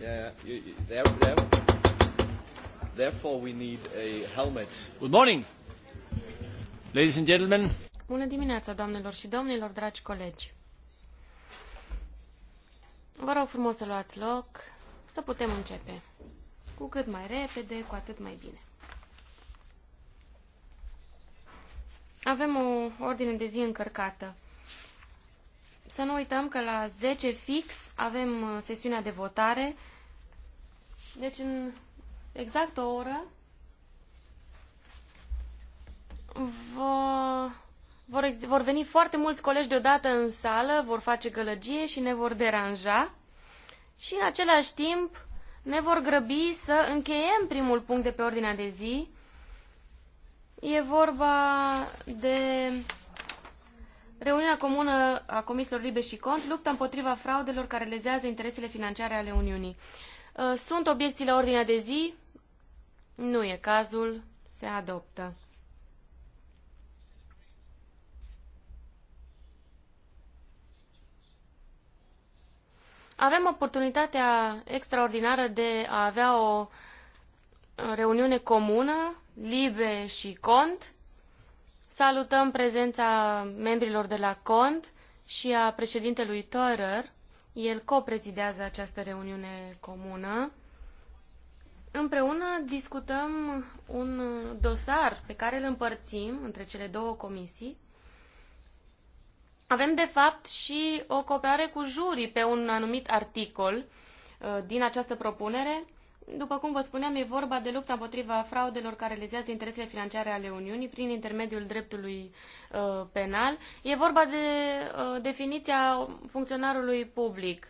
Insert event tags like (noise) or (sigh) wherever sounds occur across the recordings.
Yeah, you, there, there, therefore we need a helmet. Good morning, ladies and gentlemen. Bună dimineața, doamnelor și domnilor, dragi colegi. Vă rog frumos să luați loc, să putem începe. Cu cât mai repede, cu atât mai bine. Avem o ordine de zi încărcată. Să nu uităm că la 10 fix avem uh, sesiunea de votare. Deci în exact o oră vă, vor, vor veni foarte mulți colegi deodată în sală, vor face gălăgie și ne vor deranja. Și în același timp ne vor grăbi să încheiem primul punct de pe ordinea de zi E vorba de reuniunea comună a comisilor Libe și Cont, lupta împotriva fraudelor care lezează interesele financiare ale Uniunii. Uh, sunt obiecții la ordinea de zi? Nu e cazul. Se adoptă. Avem oportunitatea extraordinară de a avea o reuniune comună Libe și Cont. Salutăm prezența membrilor de la Cont și a președintelui Tărer. El coprezidează această reuniune comună. Împreună discutăm un dosar pe care îl împărțim între cele două comisii. Avem, de fapt, și o cooperare cu jurii pe un anumit articol uh, din această propunere după cum vă spuneam, e vorba de lupta împotriva fraudelor care lezează interesele financiare ale Uniunii prin intermediul dreptului uh, penal. E vorba de uh, definiția funcționarului public.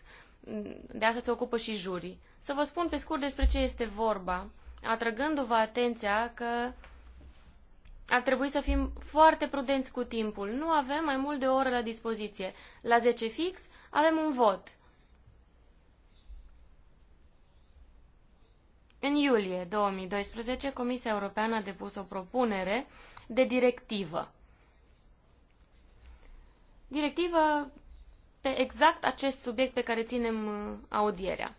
De asta se ocupă și jurii. Să vă spun pe scurt despre ce este vorba, atrăgându-vă atenția că ar trebui să fim foarte prudenți cu timpul. Nu avem mai mult de o oră la dispoziție. La 10 fix avem un vot. În iulie 2012, Comisia Europeană a depus o propunere de directivă. Directivă pe exact acest subiect pe care ținem uh, audierea.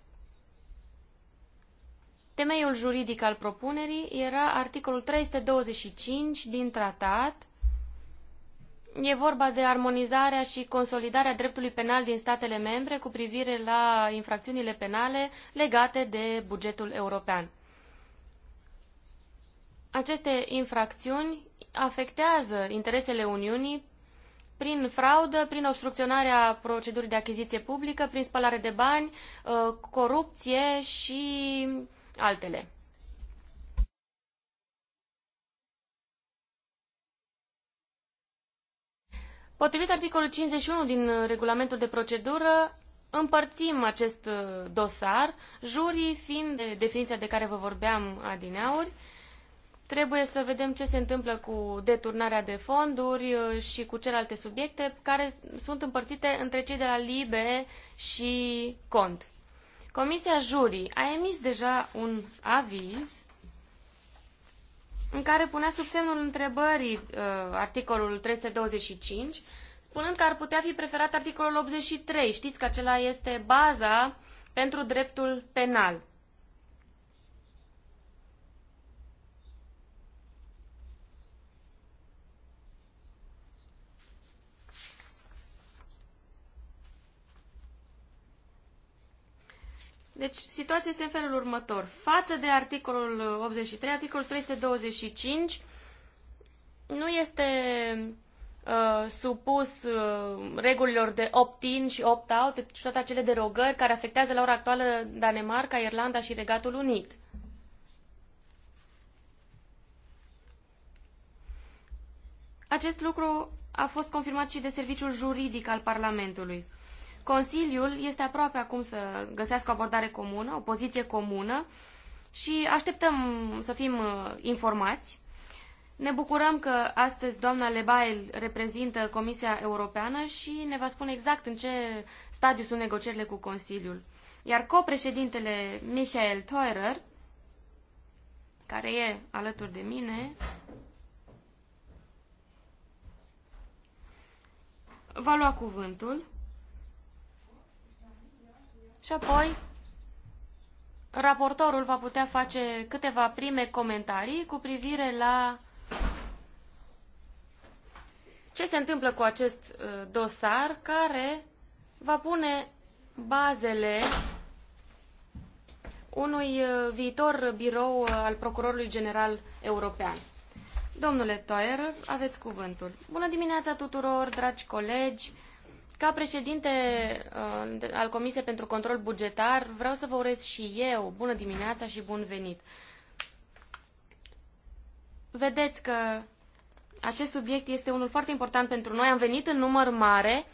Temeiul juridic al propunerii era articolul 325 din tratat, E vorba de armonizarea și consolidarea dreptului penal din statele membre cu privire la infracțiunile penale legate de bugetul european. Aceste infracțiuni afectează interesele Uniunii prin fraudă, prin obstrucționarea procedurii de achiziție publică, prin spălare de bani, uh, corupție și altele. Potrivit articolul 51 din uh, regulamentul de procedură, împărțim acest uh, dosar, jurii fiind de definiția de care vă vorbeam adineauri, trebuie să vedem ce se întâmplă cu deturnarea de fonduri uh, și cu celelalte subiecte care sunt împărțite între cei de la LIBE și CONT. Comisia Jurii a emis deja un aviz în care punea sub semnul întrebării uh, articolul 325, spunând că ar putea fi preferat articolul 83. Știți că acela este baza pentru dreptul penal. Deci, situația este în felul următor. Față de articolul 83, uh, articolul 325 nu este uh, supus uh, regulilor de opt-in și opt-out și deci toate acele derogări care afectează la ora actuală Danemarca, Irlanda și Regatul Unit. Acest lucru a fost confirmat și de Serviciul Juridic al Parlamentului. Consiliul este aproape acum să găsească o abordare comună, o poziție comună și așteptăm să fim uh, informați. Ne bucurăm că astăzi doamna Lebail reprezintă Comisia Europeană și ne va spune exact în ce stadiu sunt negocierile cu Consiliul. Iar copreședintele Michael Teurer, care e alături de mine, va lua cuvântul. Și apoi raportorul va putea face câteva prime comentarii cu privire la ce se întâmplă cu acest uh, dosar care va pune bazele unui uh, viitor birou uh, al Procurorului General European. Domnule toer, aveți cuvântul. Bună dimineața tuturor, dragi colegi! Ca președinte uh, al Comisiei pentru Control Bugetar, vreau să vă urez și eu bună dimineața și bun venit. Vedeți că acest subiect este unul foarte important pentru noi. Am venit în număr mare.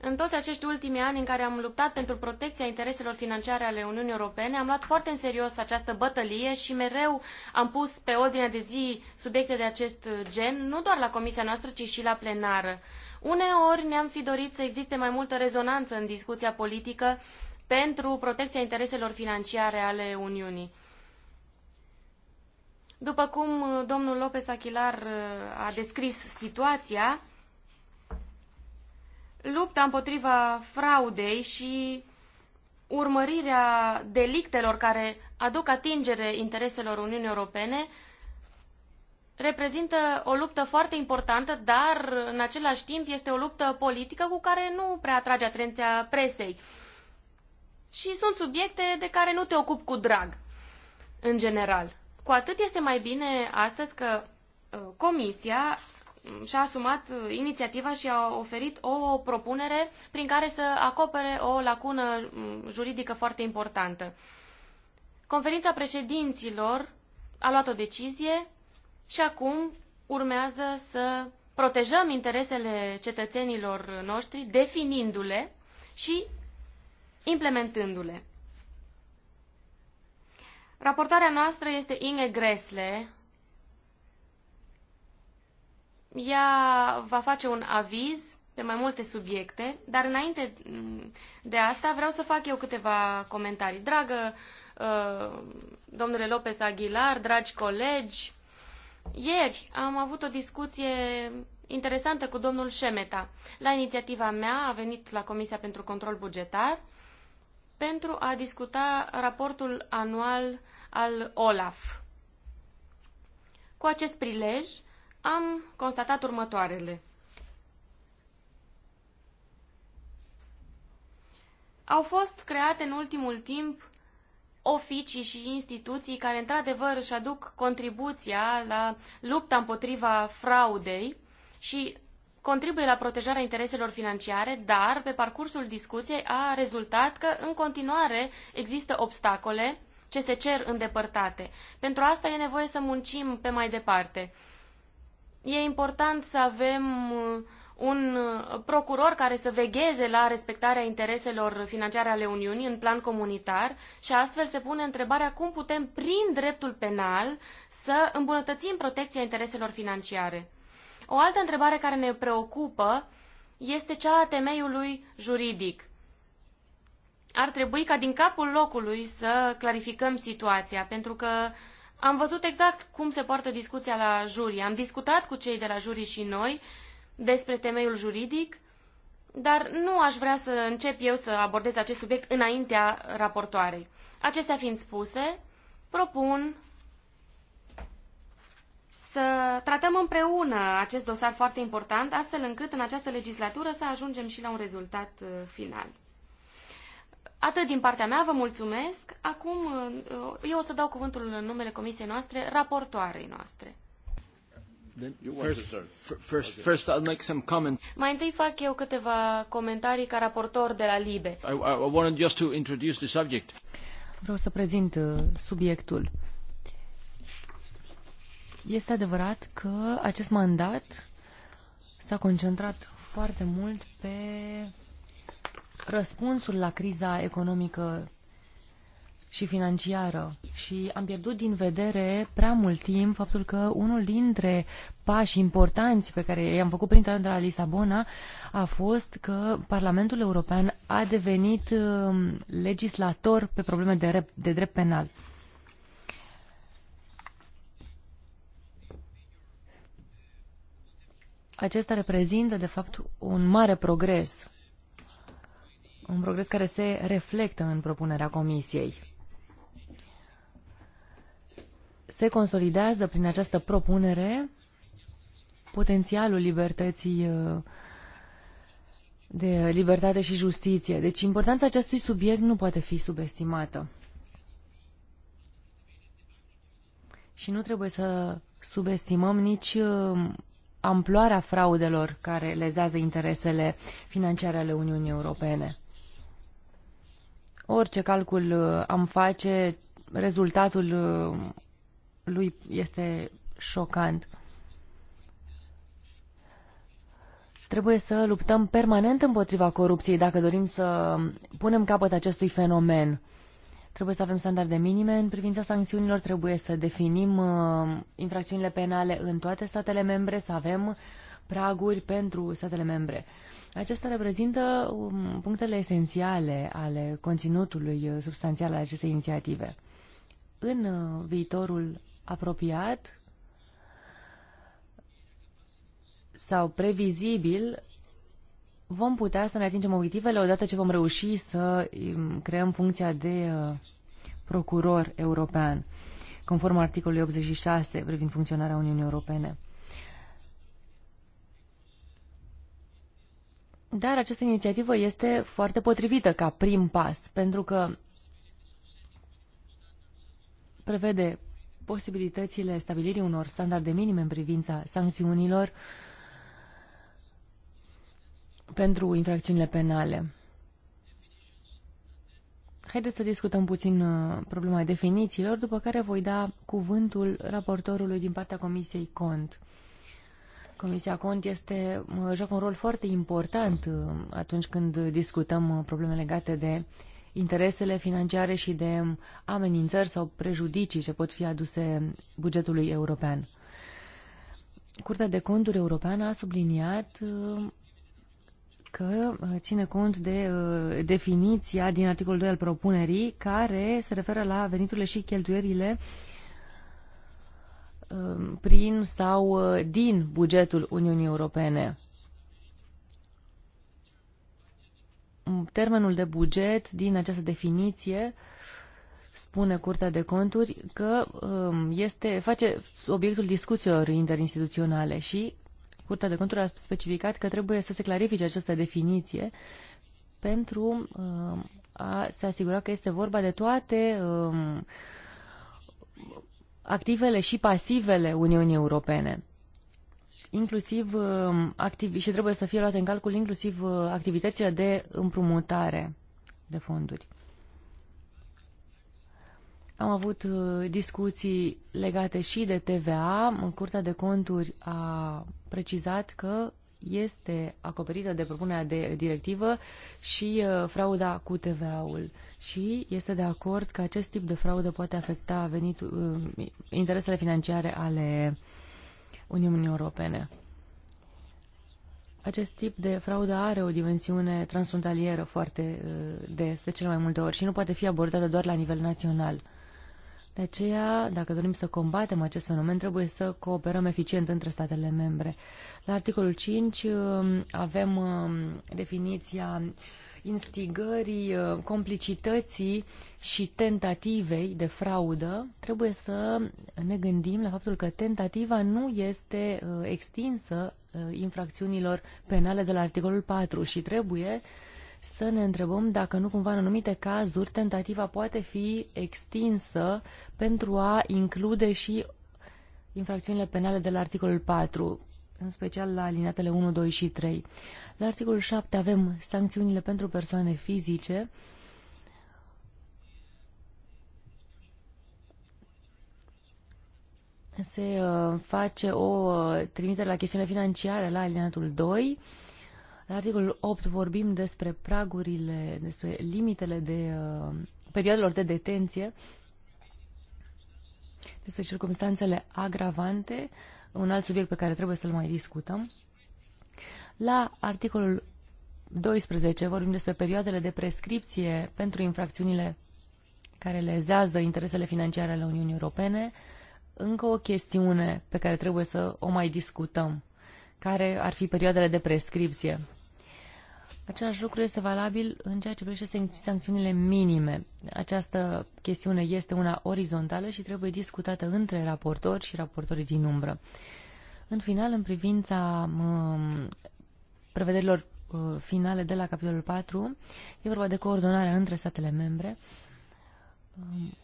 În toți acești ultimi ani în care am luptat pentru protecția intereselor financiare ale Uniunii Europene, am luat foarte în serios această bătălie și mereu am pus pe ordinea de zi subiecte de acest gen, nu doar la comisia noastră, ci și la plenară. Uneori ne-am fi dorit să existe mai multă rezonanță în discuția politică pentru protecția intereselor financiare ale Uniunii. După cum domnul Lopez Achilar uh, a descris situația, lupta împotriva fraudei și urmărirea delictelor care aduc atingere intereselor Uniunii Europene reprezintă o luptă foarte importantă, dar în același timp este o luptă politică cu care nu prea atrage atenția presei. Și sunt subiecte de care nu te ocupi cu drag, în general. Cu atât este mai bine astăzi că uh, Comisia și-a asumat uh, inițiativa și a oferit o propunere prin care să acopere o lacună mm, juridică foarte importantă. Conferința președinților a luat o decizie și acum urmează să protejăm interesele cetățenilor noștri, definindu-le și implementându-le. Raportarea noastră este Inge Gresle. Ea va face un aviz pe mai multe subiecte, dar înainte mm, de asta vreau să fac eu câteva comentarii. Dragă uh, domnule Lopez Aguilar, dragi colegi, ieri am avut o discuție interesantă cu domnul Șemeta. La inițiativa mea a venit la Comisia pentru Control Bugetar pentru a discuta raportul anual al OLAF. Cu acest prilej am constatat următoarele. Au fost create în ultimul timp oficii și instituții care într-adevăr își aduc contribuția la lupta împotriva fraudei și contribuie la protejarea intereselor financiare, dar pe parcursul discuției a rezultat că în continuare există obstacole ce se cer îndepărtate. Pentru asta e nevoie să muncim pe mai departe. E important să avem uh, un uh, procuror care să vegheze la respectarea intereselor financiare ale Uniunii în plan comunitar și astfel se pune întrebarea cum putem, prin dreptul penal, să îmbunătățim protecția intereselor financiare. O altă întrebare care ne preocupă este cea a temeiului juridic. Ar trebui ca din capul locului să clarificăm situația, pentru că am văzut exact cum se poartă discuția la juri. Am discutat cu cei de la juri și noi despre temeiul juridic, dar nu aș vrea să încep eu să abordez acest subiect înaintea raportoarei. Acestea fiind spuse, propun să tratăm împreună acest dosar foarte important, astfel încât în această legislatură să ajungem și la un rezultat uh, final. Atât din partea mea, vă mulțumesc. Acum uh, eu o să dau cuvântul în numele comisiei noastre, raportoarei noastre. First, first, first I'll make some comment. Mai întâi fac eu câteva comentarii ca raportor de la LIBE. I, just to introduce the subject. Vreau să prezint uh, subiectul. Este adevărat că acest mandat s-a concentrat foarte mult pe răspunsul la criza economică și financiară și am pierdut din vedere prea mult timp faptul că unul dintre pași importanți pe care i-am făcut prin de la Lisabona a fost că Parlamentul European a devenit um, legislator pe probleme de, rep, de drept penal. Acesta reprezintă, de fapt, un mare progres un progres care se reflectă în propunerea Comisiei se consolidează prin această propunere potențialul libertății uh, de libertate și justiție. Deci importanța acestui subiect nu poate fi subestimată. Și nu trebuie să subestimăm nici uh, amploarea fraudelor care lezează interesele financiare ale Uniunii Europene. Orice calcul uh, am face, rezultatul lui este șocant. Trebuie să luptăm permanent împotriva corupției dacă dorim să punem capăt acestui fenomen. Trebuie să avem standarde minime în privința sancțiunilor, trebuie să definim uh, infracțiunile penale în toate statele membre, să avem praguri pentru statele membre. Acestea reprezintă um, punctele esențiale ale conținutului uh, substanțial al acestei inițiative în uh, viitorul apropiat sau previzibil vom putea să ne atingem obiectivele odată ce vom reuși să um, creăm funcția de uh, procuror european, conform articolului 86 privind funcționarea Uniunii Europene. Dar această inițiativă este foarte potrivită ca prim pas, pentru că prevede posibilitățile stabilirii unor standarde minime în privința sancțiunilor pentru infracțiunile penale. Haideți să discutăm puțin uh, problema definițiilor, după care voi da cuvântul raportorului din partea Comisiei Cont. Comisia Cont este, uh, joacă un rol foarte important uh, atunci când discutăm probleme legate de interesele financiare și de amenințări sau prejudicii ce pot fi aduse bugetului european. Curtea de Conturi Europeană a subliniat uh, că uh, ține cont de uh, definiția din articolul 2 al propunerii, care se referă la veniturile și cheltuierile prin sau din bugetul Uniunii Europene. termenul de buget din această definiție spune Curtea de Conturi că um, este, face obiectul discuțiilor interinstituționale și Curtea de Conturi a specificat că trebuie să se clarifice această definiție pentru um, a se asigura că este vorba de toate um, activele și pasivele Uniunii Europene inclusiv uh, activi- și trebuie să fie luate în calcul inclusiv uh, activitățile de împrumutare de fonduri. Am avut uh, discuții legate și de TVA. Curtea de conturi a precizat că este acoperită de propunerea de directivă și frauda cu TVA-ul și este de acord că acest tip de fraudă poate afecta venitul, interesele financiare ale Uniunii Europene. Acest tip de fraudă are o dimensiune transfrontalieră foarte des, uh, de cel mai multe ori, și nu poate fi abordată doar la nivel național. De aceea, dacă dorim să combatem acest fenomen, trebuie să cooperăm eficient între statele membre. La articolul 5 um, avem um, definiția instigării, uh, complicității și tentativei de fraudă, trebuie să ne gândim la faptul că tentativa nu este uh, extinsă uh, infracțiunilor penale de la articolul 4 și trebuie să ne întrebăm dacă nu cumva în anumite cazuri tentativa poate fi extinsă pentru a include și infracțiunile penale de la articolul 4 în special la alinatele 1, 2 și 3. La articolul 7 avem sancțiunile pentru persoane fizice. Se uh, face o uh, trimitere la chestiune financiare la alinatul 2. La articolul 8 vorbim despre pragurile, despre limitele de uh, perioadelor de detenție despre circumstanțele agravante uh, un alt subiect pe care trebuie să-l mai discutăm. La articolul 12 vorbim despre perioadele de prescripție pentru infracțiunile care lezează interesele financiare ale Uniunii Europene. Încă o chestiune pe care trebuie să o mai discutăm. Care ar fi perioadele de prescripție? Același lucru este valabil în ceea ce privește sancțiunile minime. Această chestiune este una orizontală și trebuie discutată între raportori și raportorii din umbră. În final, în privința prevederilor uh, finale de la capitolul 4, e vorba de coordonarea între statele membre. Um,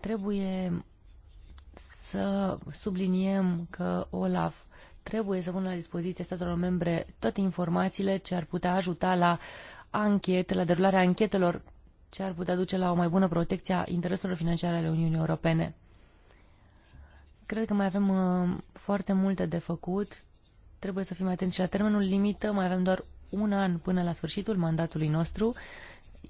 trebuie să subliniem că OLAF trebuie să pună la dispoziție statelor membre toate informațiile ce ar putea ajuta la anchete, la derularea anchetelor ce ar putea duce la o mai bună protecție a intereselor financiare ale Uniunii Europene. Cred că mai avem uh, foarte multe de făcut. Trebuie să fim atenți și la termenul limită. Mai avem doar un an până la sfârșitul mandatului nostru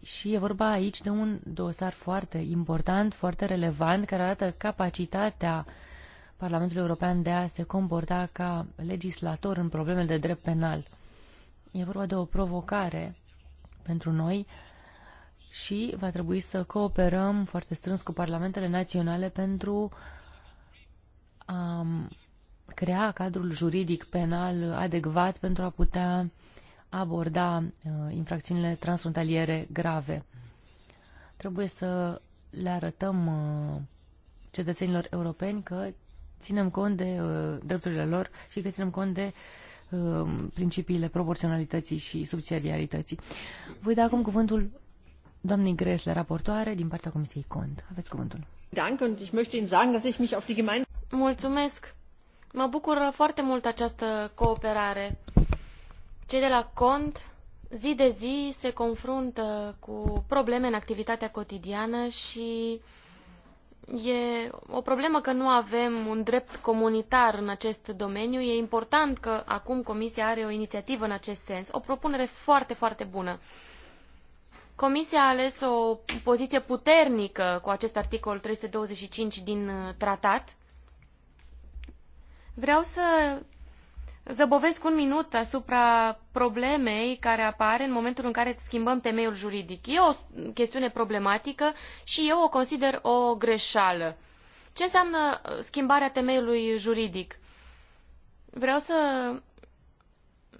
și e vorba aici de un dosar foarte important, foarte relevant, care arată capacitatea uh, Parlamentul European de a se comporta ca legislator în probleme de drept penal. E vorba de o provocare pentru noi și va trebui să cooperăm foarte strâns cu parlamentele naționale pentru a um, crea cadrul juridic penal adecvat pentru a putea aborda uh, infracțiunile transfrontaliere grave. Trebuie să le arătăm uh, cetățenilor europeni că ținem cont de uh, drepturile lor și că ținem cont de uh, principiile proporționalității și subsidiarității. Voi da acum cuvântul doamnei Gresle, raportoare din partea Comisiei Cont. Aveți cuvântul. Mulțumesc. Mă bucură foarte mult această cooperare. Cei de la Cont zi de zi se confruntă cu probleme în activitatea cotidiană și uh, E o problemă că nu avem un drept comunitar în acest domeniu. E important că acum Comisia are o inițiativă în acest sens, o propunere foarte, foarte bună. Comisia a ales o poziție puternică cu acest articol 325 din uh, tratat. Vreau să zăbovesc un minut asupra problemei care apare în momentul în care schimbăm temeiul juridic. E o chestiune problematică și eu o consider o greșeală. Ce înseamnă schimbarea temeiului juridic? Vreau să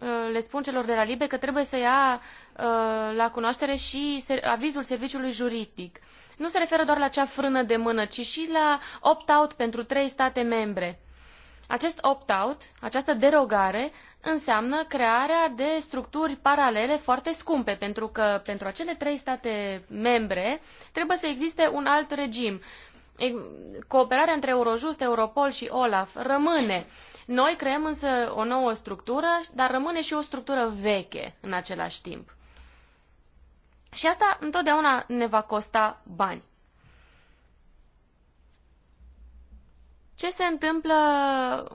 uh, le spun celor de la Libe că trebuie să ia uh, la cunoaștere și avizul serviciului juridic. Nu se referă doar la cea frână de mână, ci și la opt-out pentru trei state membre. Acest opt-out, această derogare, înseamnă crearea de structuri paralele foarte scumpe, pentru că pentru acele trei state membre trebuie să existe un alt regim. Cooperarea între Eurojust, Europol și OLAF rămâne. Noi creăm însă o nouă structură, dar rămâne și o structură veche în același timp. Și asta întotdeauna ne va costa bani. Ce se întâmplă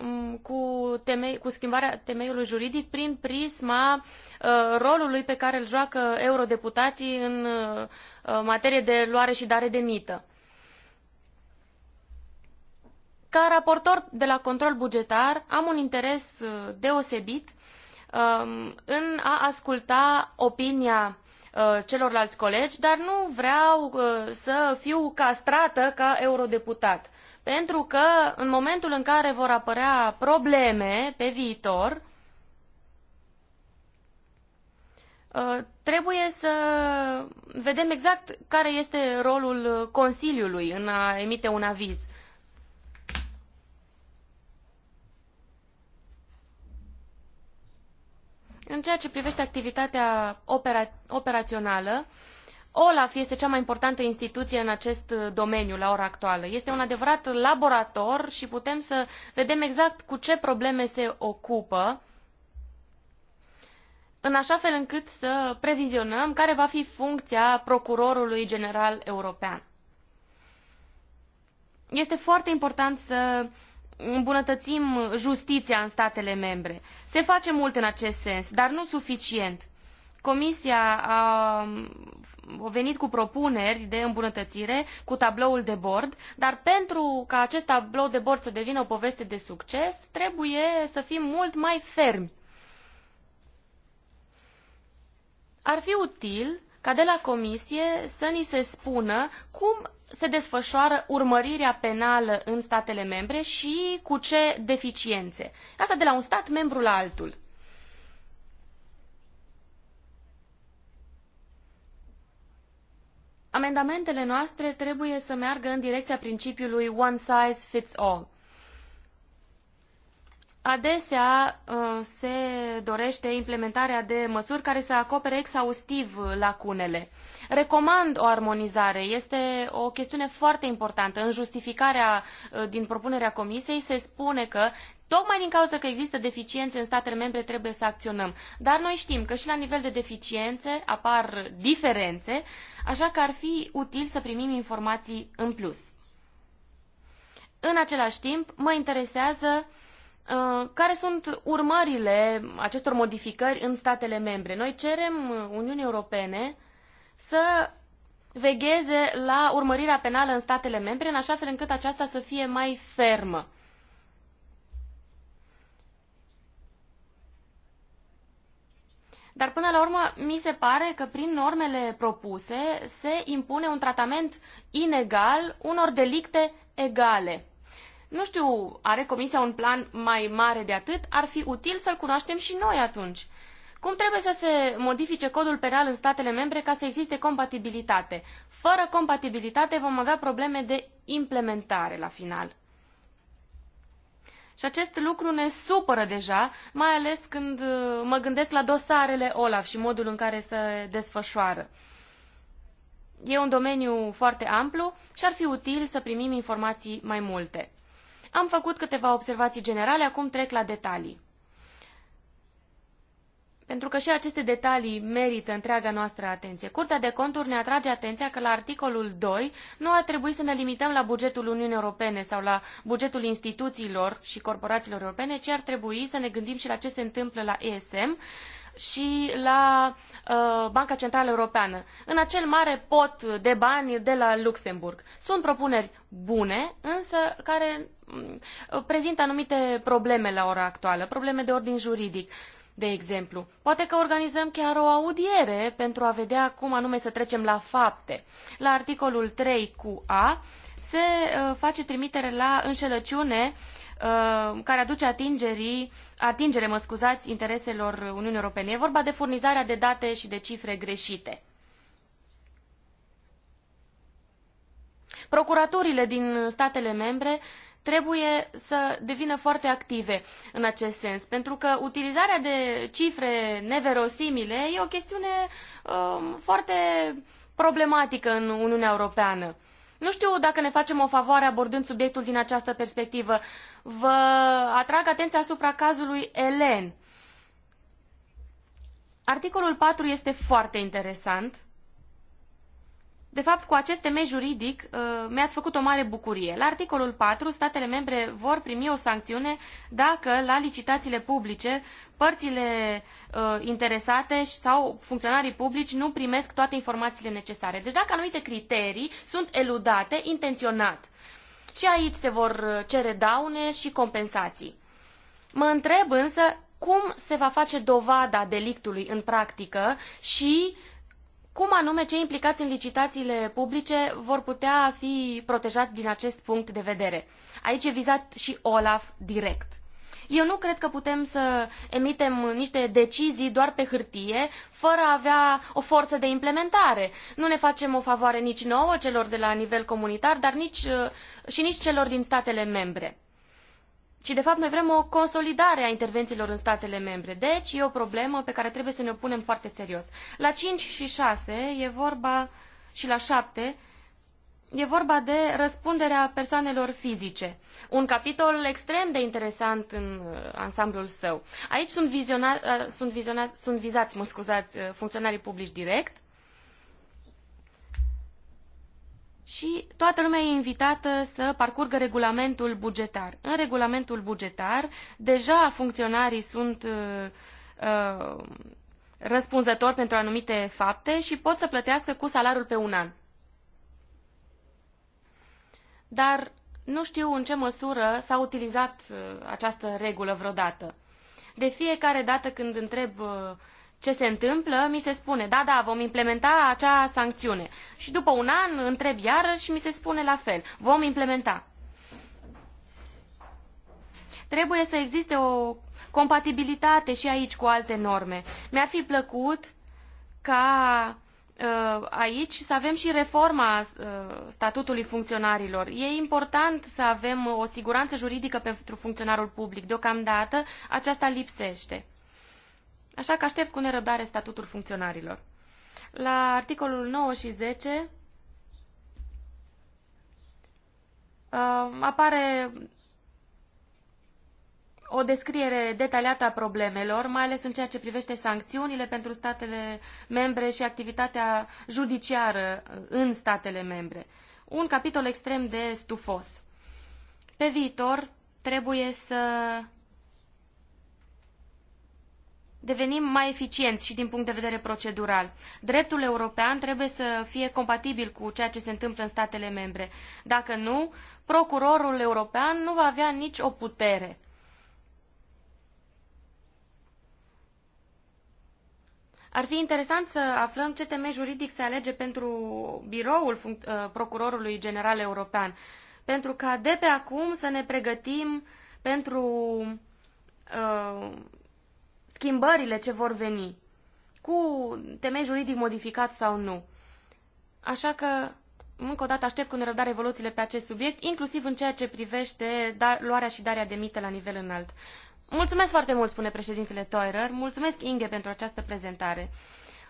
mm, cu, temei, cu schimbarea temeiului juridic prin prisma uh, rolului pe care îl joacă eurodeputații în uh, uh, materie de luare și dare de mită? Ca raportor de la control bugetar am un interes deosebit um, în a asculta opinia celorlalți colegi, dar nu vreau să fiu castrată ca eurodeputat pentru că în momentul în care vor apărea probleme pe viitor, ă, trebuie să vedem exact care este rolul Consiliului în a emite un aviz. În ceea ce privește activitatea opera operațională, Olaf este cea mai importantă instituție în acest uh, domeniu la ora actuală. Este un adevărat laborator și putem să vedem exact cu ce probleme se ocupă în așa fel încât să previzionăm care va fi funcția procurorului general european. Este foarte important să îmbunătăim justiția în statele membre. Se face mult în acest sens, dar nu suficient. Comisia a venit cu propuneri de îmbunătățire cu tabloul de bord, dar pentru ca acest tablou de bord să devină o poveste de succes, trebuie să fim mult mai fermi. Ar fi util ca de la Comisie să ni se spună cum se desfășoară urmărirea penală în statele membre și cu ce deficiențe. Asta de la un stat membru la altul. Amendamentele noastre trebuie să meargă în direcția principiului one size fits all. Adesea uh, se dorește implementarea de măsuri care să acopere exhaustiv lacunele. Recomand o armonizare. Este o chestiune foarte importantă. În justificarea uh, din propunerea Comisiei se spune că Tocmai din cauza că există deficiențe în statele membre trebuie să acționăm. Dar noi știm că și la nivel de deficiențe apar diferențe, așa că ar fi util să primim informații în plus. În același timp, mă interesează uh, care sunt urmările acestor modificări în statele membre. Noi cerem Uniunii Europene să vegheze la urmărirea penală în statele membre, în așa fel încât aceasta să fie mai fermă. Dar până la urmă, mi se pare că prin normele propuse se impune un tratament inegal unor delicte egale. Nu știu, are Comisia un plan mai mare de atât? Ar fi util să-l cunoaștem și noi atunci. Cum trebuie să se modifice codul penal în statele membre ca să existe compatibilitate? Fără compatibilitate vom avea probleme de implementare la final. Și acest lucru ne supără deja, mai ales când uh, mă gândesc la dosarele OLAF și modul în care se desfășoară. E un domeniu foarte amplu și ar fi util să primim informații mai multe. Am făcut câteva observații generale, acum trec la detalii pentru că și aceste detalii merită întreaga noastră atenție. Curtea de conturi ne atrage atenția că la articolul 2 nu ar trebui să ne limităm la bugetul Uniunii Europene sau la bugetul instituțiilor și corporațiilor europene, ci ar trebui să ne gândim și la ce se întâmplă la ESM și la uh, Banca Centrală Europeană, în acel mare pot de bani de la Luxemburg. Sunt propuneri bune, însă care mm, prezintă anumite probleme la ora actuală, probleme de ordin juridic de exemplu. Poate că organizăm chiar o audiere pentru a vedea cum anume să trecem la fapte. La articolul 3 cu A se uh, face trimitere la înșelăciune uh, care aduce atingerii, atingere, mă scuzați, intereselor Uniunii Europene. E vorba de furnizarea de date și de cifre greșite. Procuraturile din statele membre uh, trebuie să devină foarte active în acest sens, pentru că utilizarea de cifre neverosimile e o chestiune um, foarte problematică în Uniunea Europeană. Nu știu dacă ne facem o favoare abordând subiectul din această perspectivă. Vă atrag atenția asupra cazului Elen. Articolul 4 este foarte interesant de fapt, cu acest temei juridic uh, mi-ați făcut o mare bucurie. La articolul 4, statele membre vor primi o sancțiune dacă la licitațiile publice părțile uh, interesate sau funcționarii publici nu primesc toate informațiile necesare. Deci dacă anumite criterii sunt eludate intenționat. Și aici se vor uh, cere daune și compensații. Mă întreb însă cum se va face dovada delictului în practică și cum anume cei implicați în licitațiile publice vor putea fi protejați din acest punct de vedere. Aici e vizat și Olaf direct. Eu nu cred că putem să emitem niște decizii doar pe hârtie, fără a avea o forță de implementare. Nu ne facem o favoare nici nouă, celor de la nivel comunitar, dar nici, uh, și nici celor din statele membre ci de fapt noi vrem o consolidare a intervențiilor în statele membre. Deci e o problemă pe care trebuie să ne o punem foarte serios. La 5 și 6 e vorba și la 7 E vorba de răspunderea persoanelor fizice. Un capitol extrem de interesant în uh, ansamblul său. Aici sunt, vizionar, uh, sunt, vizionar, sunt vizați, mă scuzați, uh, funcționarii publici direct, și toată lumea e invitată să parcurgă regulamentul bugetar. În regulamentul bugetar, deja funcționarii sunt uh, uh, răspunzători pentru anumite fapte și pot să plătească cu salariul pe un an. Dar nu știu în ce măsură s-a utilizat uh, această regulă vreodată. De fiecare dată când întreb uh, ce se întâmplă, mi se spune, da, da, vom implementa acea sancțiune. Și după un an întreb iarăși și mi se spune la fel, vom implementa. Trebuie să existe o compatibilitate și aici cu alte norme. Mi-ar fi plăcut ca uh, aici să avem și reforma uh, statutului funcționarilor. E important să avem o siguranță juridică pentru funcționarul public. Deocamdată aceasta lipsește. Așa că aștept cu nerăbdare statutul funcționarilor. La articolul 9 și 10 uh, apare o descriere detaliată a problemelor, mai ales în ceea ce privește sancțiunile pentru statele membre și activitatea judiciară în statele membre. Un capitol extrem de stufos. Pe viitor trebuie să devenim mai eficienți și din punct de vedere procedural. Dreptul european trebuie să fie compatibil cu ceea ce se întâmplă în statele membre. Dacă nu, procurorul european nu va avea nici o putere. Ar fi interesant să aflăm ce temei juridic se alege pentru biroul uh, procurorului general european, pentru ca de pe acum să ne pregătim pentru uh, schimbările ce vor veni, cu temei juridic modificat sau nu. Așa că, încă o dată, aștept cu nerăbdare evoluțiile pe acest subiect, inclusiv în ceea ce privește dar, luarea și darea de mită la nivel înalt. Mulțumesc foarte mult, spune președintele Toirer, mulțumesc Inge pentru această prezentare.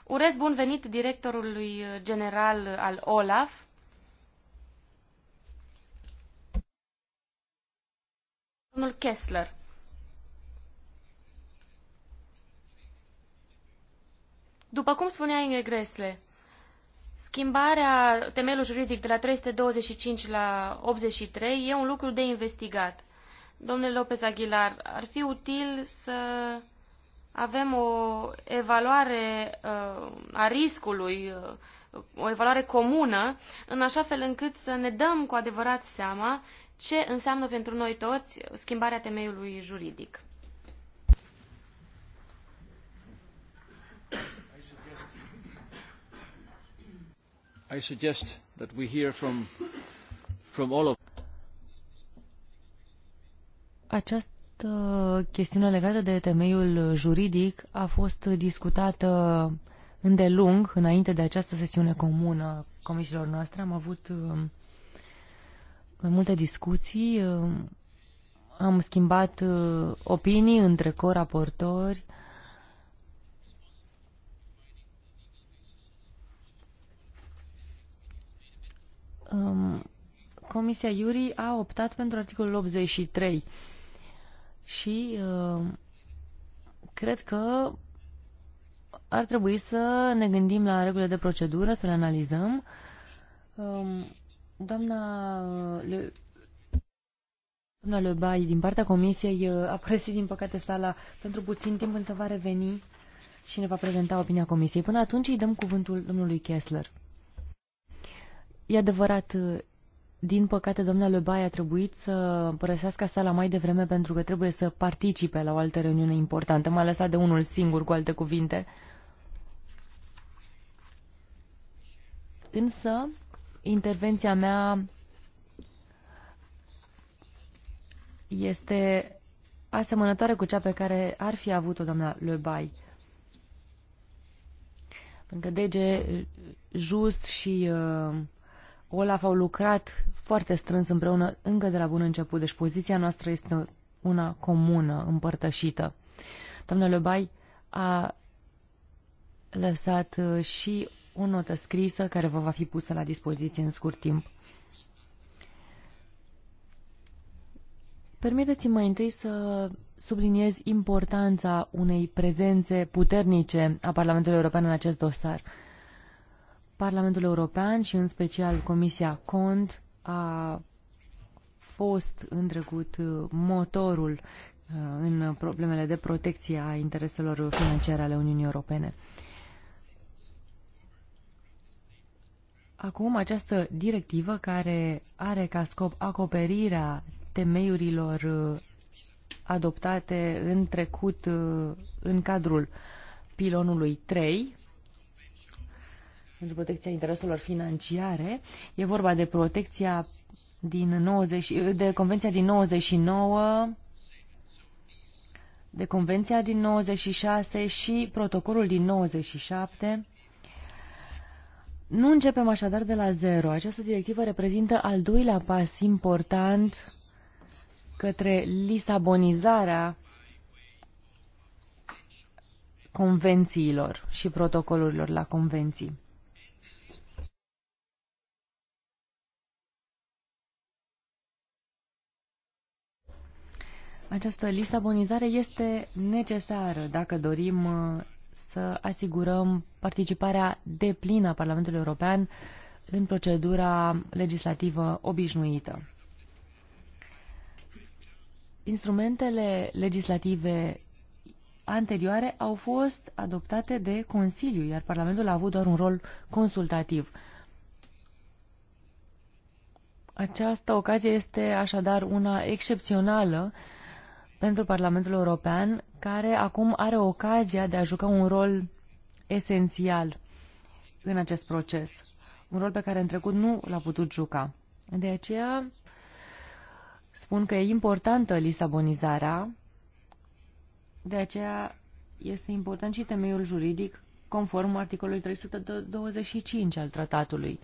Urez bun venit directorului general al OLAF, domnul Kessler. După cum spunea Inge Gresle, schimbarea temelului juridic de la 325 la 83 e un lucru de investigat. Domnule Lopez Aguilar, ar fi util să avem o evaluare uh, a riscului, uh, o evaluare comună, în așa fel încât să ne dăm cu adevărat seama ce înseamnă pentru noi toți schimbarea temeiului juridic. I suggest that we hear from, from all of Această chestiune legată de temeiul juridic a fost discutată îndelung înainte de această sesiune comună comisiilor noastre. Am avut um, mai multe discuții, um, am schimbat uh, opinii între coraportori, raportori um, Comisia Iuri a optat pentru articolul 83 și uh, cred că ar trebui să ne gândim la regulile de procedură, să le analizăm. Um, doamna uh, Le... Doamna Lebai, din partea Comisiei, uh, a părăsit, din păcate, sala pentru puțin timp, însă va reveni și ne va prezenta opinia Comisiei. Până atunci îi dăm cuvântul domnului Kessler. E adevărat, uh, din păcate, doamna Lebai a trebuit să părăsească sala mai devreme pentru că trebuie să participe la o altă reuniune importantă. M-a lăsat de unul singur, cu alte cuvinte. Însă, intervenția mea este asemănătoare cu cea pe care ar fi avut-o doamna Lebai. Pentru că DG Just și uh, Olaf au lucrat foarte strâns împreună încă de la bun început, deci poziția noastră este una comună, împărtășită. Doamna Lebai a lăsat uh, și o notă scrisă care vă va fi pusă la dispoziție în scurt timp. Permiteți-mi mai întâi să subliniez importanța unei prezențe puternice a Parlamentului European în acest dosar. Parlamentul European și în special Comisia Cont a fost în trecut uh, motorul uh, în problemele de protecție a intereselor financiare ale Uniunii Europene. Acum, această directivă care are ca scop acoperirea temeiurilor uh, adoptate în trecut în cadrul pilonului 3 pentru protecția intereselor financiare. E vorba de protecția din 90, de Convenția din 99, de Convenția din 96 și protocolul din 97. Nu începem așadar de la zero. Această directivă reprezintă al doilea pas important către lisabonizarea convențiilor și protocolurilor la convenții. Această lisabonizare este necesară dacă dorim uh, să asigurăm participarea deplină a Parlamentului European în procedura legislativă obișnuită. Instrumentele legislative anterioare au fost adoptate de Consiliu, iar Parlamentul a avut doar un rol consultativ. Această ocazie este așadar una excepțională uh, pentru Parlamentul European, care acum are ocazia de a juca un rol esențial în acest proces. Un rol pe care în trecut nu l-a putut juca. De aceea spun că e importantă lisabonizarea, de aceea este important și temeiul juridic conform articolului 325 al tratatului,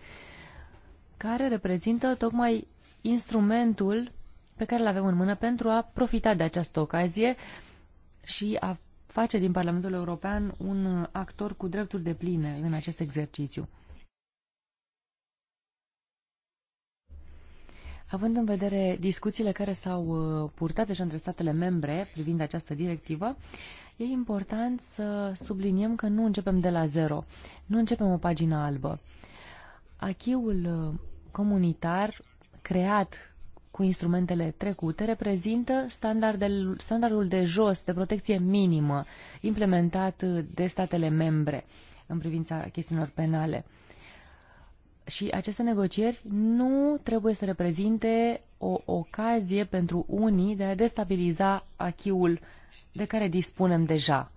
care reprezintă tocmai instrumentul pe care îl avem în mână pentru a profita de această ocazie și a face din Parlamentul European un actor cu drepturi de pline în acest exercițiu. Având în vedere discuțiile care s-au uh, purtat deja între statele membre privind această directivă, e important să subliniem că nu începem de la zero, nu începem o pagină albă. Achiul uh, comunitar creat cu instrumentele trecute reprezintă standardul, standardul de jos de protecție minimă implementat de statele membre în privința chestiunilor penale. Și aceste negocieri nu trebuie să reprezinte o ocazie pentru unii de a destabiliza achiul de care dispunem deja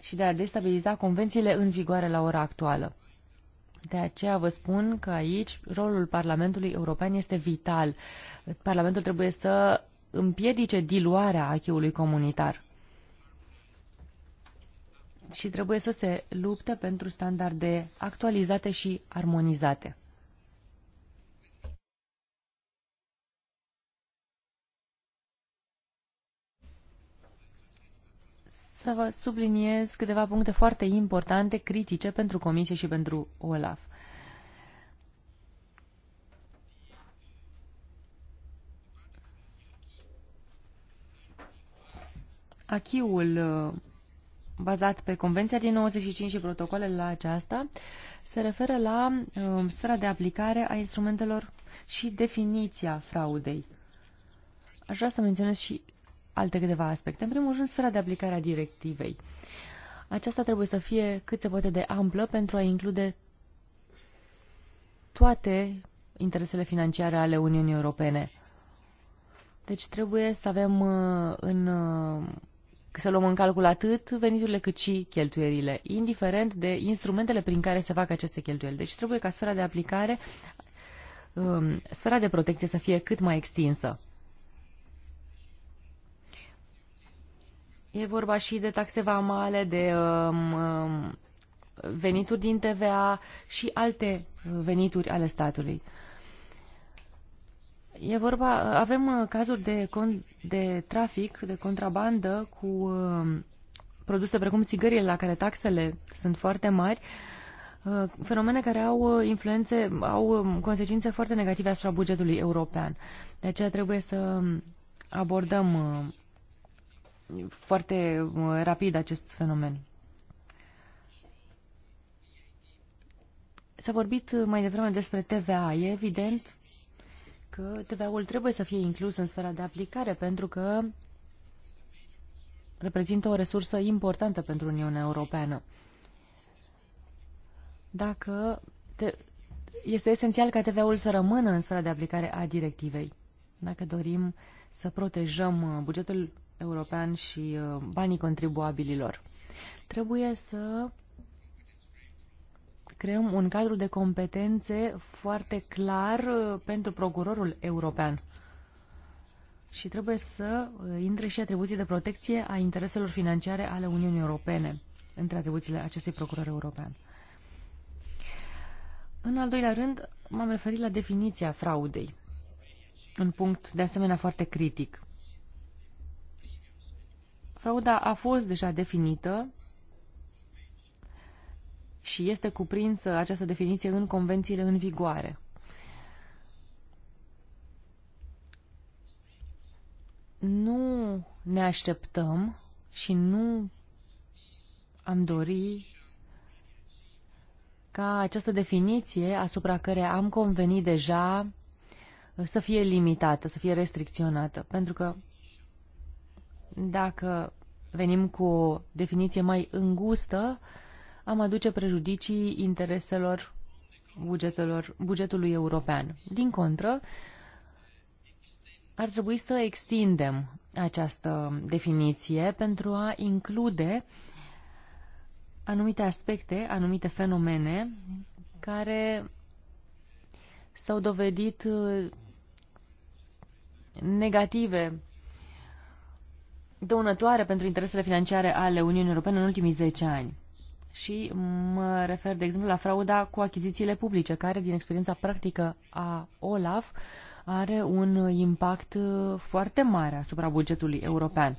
și de a destabiliza convențiile în vigoare la ora actuală. De aceea vă spun că aici rolul Parlamentului European este vital. Parlamentul trebuie să împiedice diluarea achiului comunitar și trebuie să se lupte pentru standarde actualizate și armonizate. să vă subliniez câteva puncte foarte importante, critice pentru Comisie și pentru OLAF. Achiul uh, bazat pe Convenția din 95 și protocolele la aceasta se referă la um, sfera de aplicare a instrumentelor și definiția fraudei. Aș vrea să menționez și alte câteva aspecte. În primul rând, sfera de aplicare a directivei. Aceasta trebuie să fie cât se poate de amplă pentru a include toate interesele financiare ale Uniunii Europene. Deci trebuie să avem uh, în uh, să luăm în calcul atât veniturile cât și cheltuierile, indiferent de instrumentele prin care se fac aceste cheltuieli. Deci trebuie ca sfera de aplicare, um, sfera de protecție să fie cât mai extinsă. E vorba și de taxe vamale, de um, um, venituri din TVA și alte uh, venituri ale statului. E vorba, uh, avem uh, cazuri de, con, de trafic, de contrabandă cu um, produse precum țigările, la care taxele sunt foarte mari, fenomene care au influențe, au um, consecințe foarte negative asupra bugetului european. De aceea trebuie să um, abordăm foarte uh, rapid acest fenomen. S-a vorbit mai devreme despre TVA. E evident că TVA-ul trebuie să fie inclus în sfera de aplicare pentru că reprezintă o resursă importantă pentru Uniunea Europeană. Dacă te, este esențial ca TVA-ul să rămână în sfera de aplicare a directivei, dacă dorim să protejăm uh, bugetul european și uh, banii contribuabililor. Trebuie să creăm un cadru de competențe foarte clar uh, pentru procurorul european și trebuie să uh, intre și atribuții de protecție a intereselor financiare ale Uniunii Europene între atribuțiile acestui procuror european. În al doilea rând, m-am referit la definiția fraudei, un punct de asemenea foarte critic. Frauda a fost deja definită și este cuprinsă această definiție în convențiile în vigoare. Nu ne așteptăm și nu am dori ca această definiție asupra care am convenit deja să fie limitată, să fie restricționată, pentru că dacă venim cu o definiție mai îngustă, am aduce prejudicii intereselor bugetelor, bugetului european. Din contră, ar trebui să extindem această definiție pentru a include anumite aspecte, anumite fenomene care s-au dovedit uh, negative dăunătoare pentru interesele financiare ale Uniunii Europene în ultimii 10 ani. Și mă refer, de exemplu, la frauda cu achizițiile publice, care, din experiența practică a OLAF, are un impact foarte mare asupra bugetului european.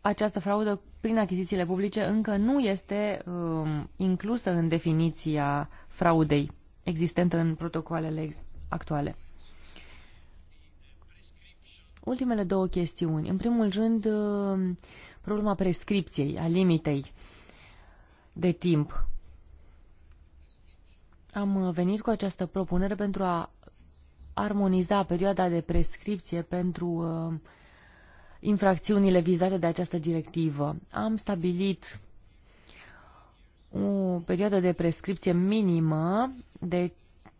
Această fraudă prin achizițiile publice încă nu este um, inclusă în definiția fraudei existentă în protocoalele actuale. Ultimele două chestiuni. În primul rând, uh, problema prescripției, a limitei de timp. Am uh, venit cu această propunere pentru a armoniza perioada de prescripție pentru uh, infracțiunile vizate de această directivă. Am stabilit o perioadă de prescripție minimă de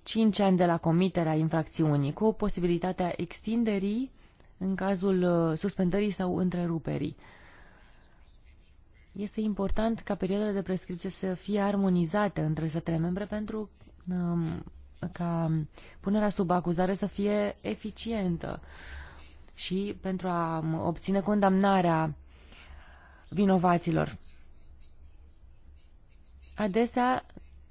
5 ani de la comiterea infracțiunii, cu posibilitatea extinderii în cazul uh, suspendării sau întreruperii. Este important ca perioadele de prescripție să fie armonizate între statele membre pentru um, ca punerea sub acuzare să fie eficientă și pentru a um, obține condamnarea vinovaților. Adesea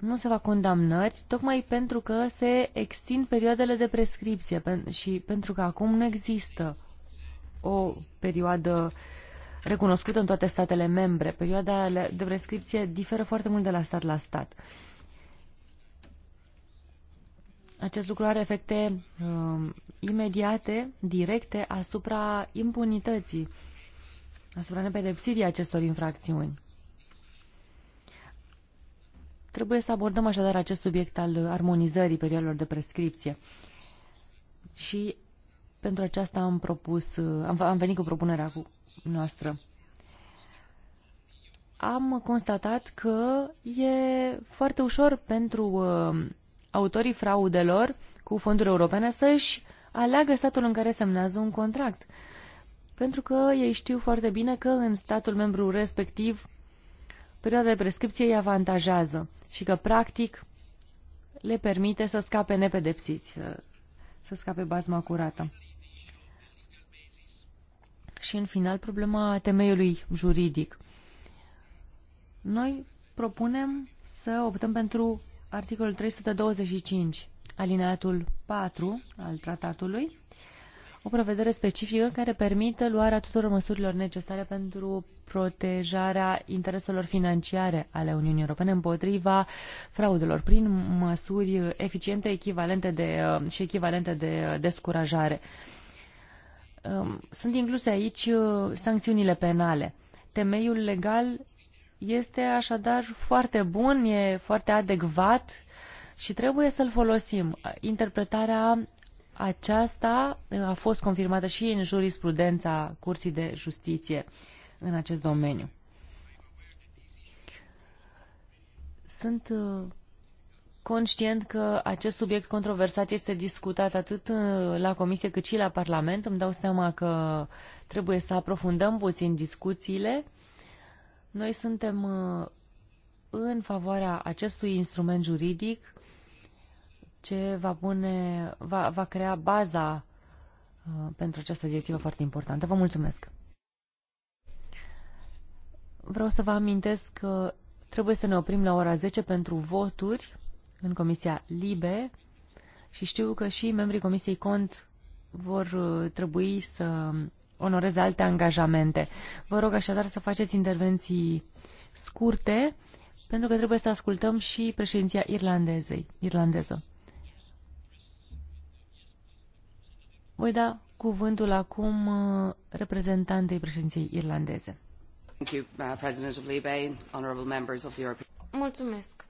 nu se fac condamnări, tocmai pentru că se extind perioadele de prescripție și pentru că acum nu există o perioadă recunoscută în toate statele membre. Perioada de prescripție diferă foarte mult de la stat la stat. Acest lucru are efecte uh, imediate, directe, asupra impunității, asupra nepedepsirii acestor infracțiuni. Trebuie să abordăm așadar acest subiect al uh, armonizării perioadelor de prescripție. Și pentru aceasta am propus, uh, am, am venit cu propunerea cu noastră. Am constatat că e foarte ușor pentru uh, autorii fraudelor cu fonduri europene să-și aleagă statul în care semnează un contract. Pentru că ei știu foarte bine că în statul membru respectiv perioada de prescripție îi avantajează și că, practic, le permite să scape nepedepsiți, să scape bazma curată. Și, în final, problema temeiului juridic. Noi propunem să optăm pentru articolul 325, alineatul 4 al tratatului, o prevedere specifică care permite luarea tuturor măsurilor necesare pentru protejarea intereselor financiare ale Uniunii Europene împotriva fraudelor prin măsuri eficiente echivalente de, uh, și echivalente de uh, descurajare. Um, sunt incluse aici uh, sancțiunile penale. Temeiul legal este așadar foarte bun, e foarte adecvat și trebuie să-l folosim. Interpretarea aceasta uh, a fost confirmată și în jurisprudența Curții de Justiție în acest domeniu. Sunt uh, conștient că acest subiect controversat este discutat atât uh, la Comisie cât și la Parlament. Îmi dau seama că trebuie să aprofundăm puțin discuțiile. Noi suntem în favoarea acestui instrument juridic ce va pune, va, va crea baza uh, pentru această directivă foarte importantă. Vă mulțumesc! Vreau să vă amintesc că trebuie să ne oprim la ora 10 pentru voturi în Comisia Libe și știu că și membrii Comisiei Cont vor uh, trebui să onoreze alte angajamente. Vă rog așadar să faceți intervenții scurte, pentru că trebuie să ascultăm și președinția irlandezei, irlandeză. Voi da cuvântul acum uh, reprezentantei președinției irlandeze. Uh, Mulțumesc.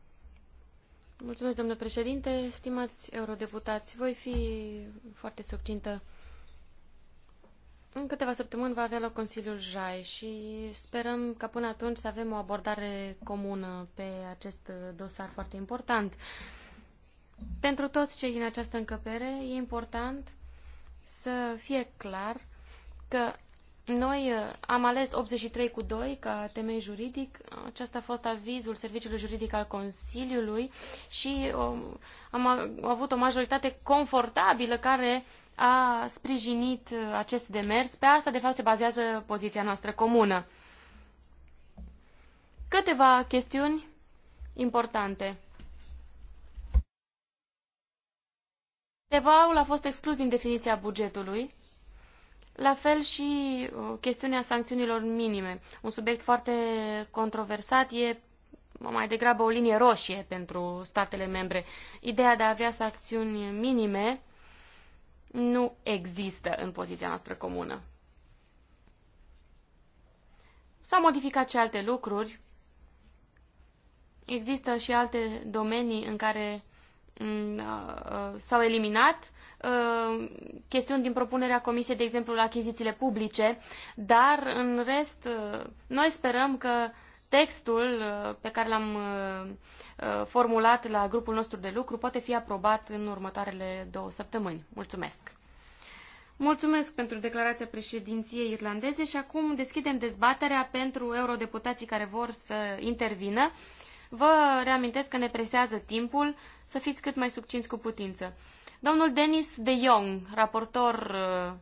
Mulțumesc, domnule președinte, stimați eurodeputați. Voi fi foarte succintă. În câteva săptămâni va avea loc Consiliul JAI și sperăm ca până atunci să avem o abordare comună pe acest uh, dosar foarte important. Pentru toți cei din această încăpere e important să fie clar că noi uh, am ales 83 cu 2 ca temei juridic. Acesta a fost avizul Serviciului Juridic al Consiliului și um, am avut o majoritate confortabilă care a sprijinit uh, acest demers. Pe asta, de fapt, se bazează poziția noastră comună. Câteva chestiuni importante. Evaul a fost exclus din definiția bugetului, la fel și uh, chestiunea sancțiunilor minime. Un subiect foarte controversat e mai degrabă o linie roșie pentru statele membre. Ideea de a avea sancțiuni minime nu există în poziția noastră comună. S-au modificat și alte lucruri. Există și alte domenii în care Mm, uh, uh, s-au eliminat uh, chestiuni din propunerea Comisiei, de exemplu, la achizițiile publice, dar în rest noi sperăm că textul pe care l-am formulat la grupul nostru de lucru poate fi aprobat în următoarele două săptămâni. Mulțumesc! Mulțumesc pentru declarația președinției irlandeze și acum deschidem dezbaterea pentru eurodeputații care vor să intervină. Vă reamintesc că ne presează timpul, să fiți cât mai subcinți cu putință. Domnul Denis de Jong, raportor uh,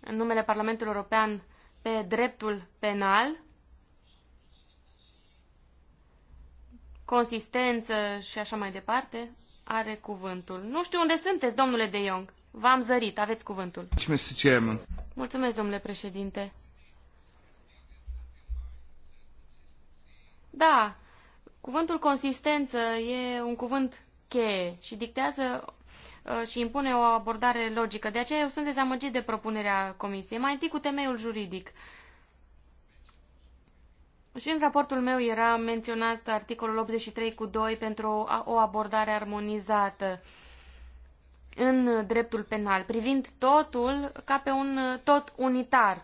în numele Parlamentului European pe dreptul penal, consistență și așa mai departe, are cuvântul. Nu știu unde sunteți, domnule de Jong. V-am zărit, aveți cuvântul. Mulțumesc, domnule președinte. Da, cuvântul consistență e un cuvânt cheie și dictează uh, și impune o abordare logică. De aceea eu sunt dezamăgit de propunerea Comisiei, mai întâi cu temeiul juridic. Și în raportul meu era menționat articolul 83 cu 2 pentru o abordare armonizată în dreptul penal, privind totul ca pe un tot unitar. Uh,